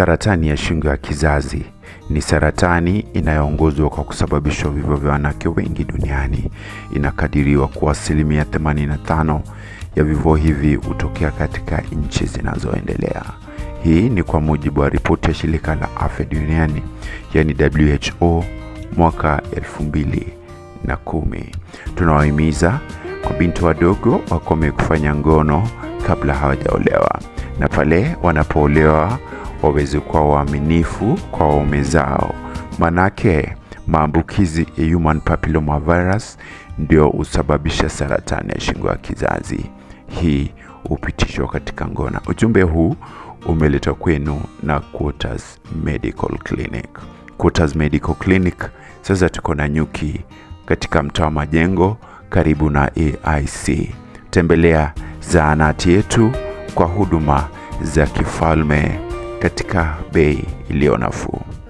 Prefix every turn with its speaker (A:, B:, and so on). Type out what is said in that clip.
A: Saratani ya shingo ya kizazi ni saratani inayoongozwa kwa kusababisha vifo vya wanawake wengi duniani. Inakadiriwa kuwa asilimia 85 ya vifo hivi hutokea katika nchi zinazoendelea. Hii ni kwa mujibu wa ripoti ya shirika la afya duniani yani WHO mwaka 2010. Tunawahimiza kwa binti wadogo wakome kufanya ngono kabla hawajaolewa na pale wanapoolewa waweze kuwa waaminifu kwa waume zao, manake maambukizi ya human papilloma virus ndio husababisha saratani ya shingo ya kizazi. Hii hupitishwa katika ngono. Ujumbe huu umeletwa kwenu na Quotas Medical Clinic. Quotas Medical Clinic sasa tuko na nyuki katika mtaa wa Majengo karibu na AIC. Tembelea zahanati yetu kwa huduma za kifalme katika bei iliyo nafuu.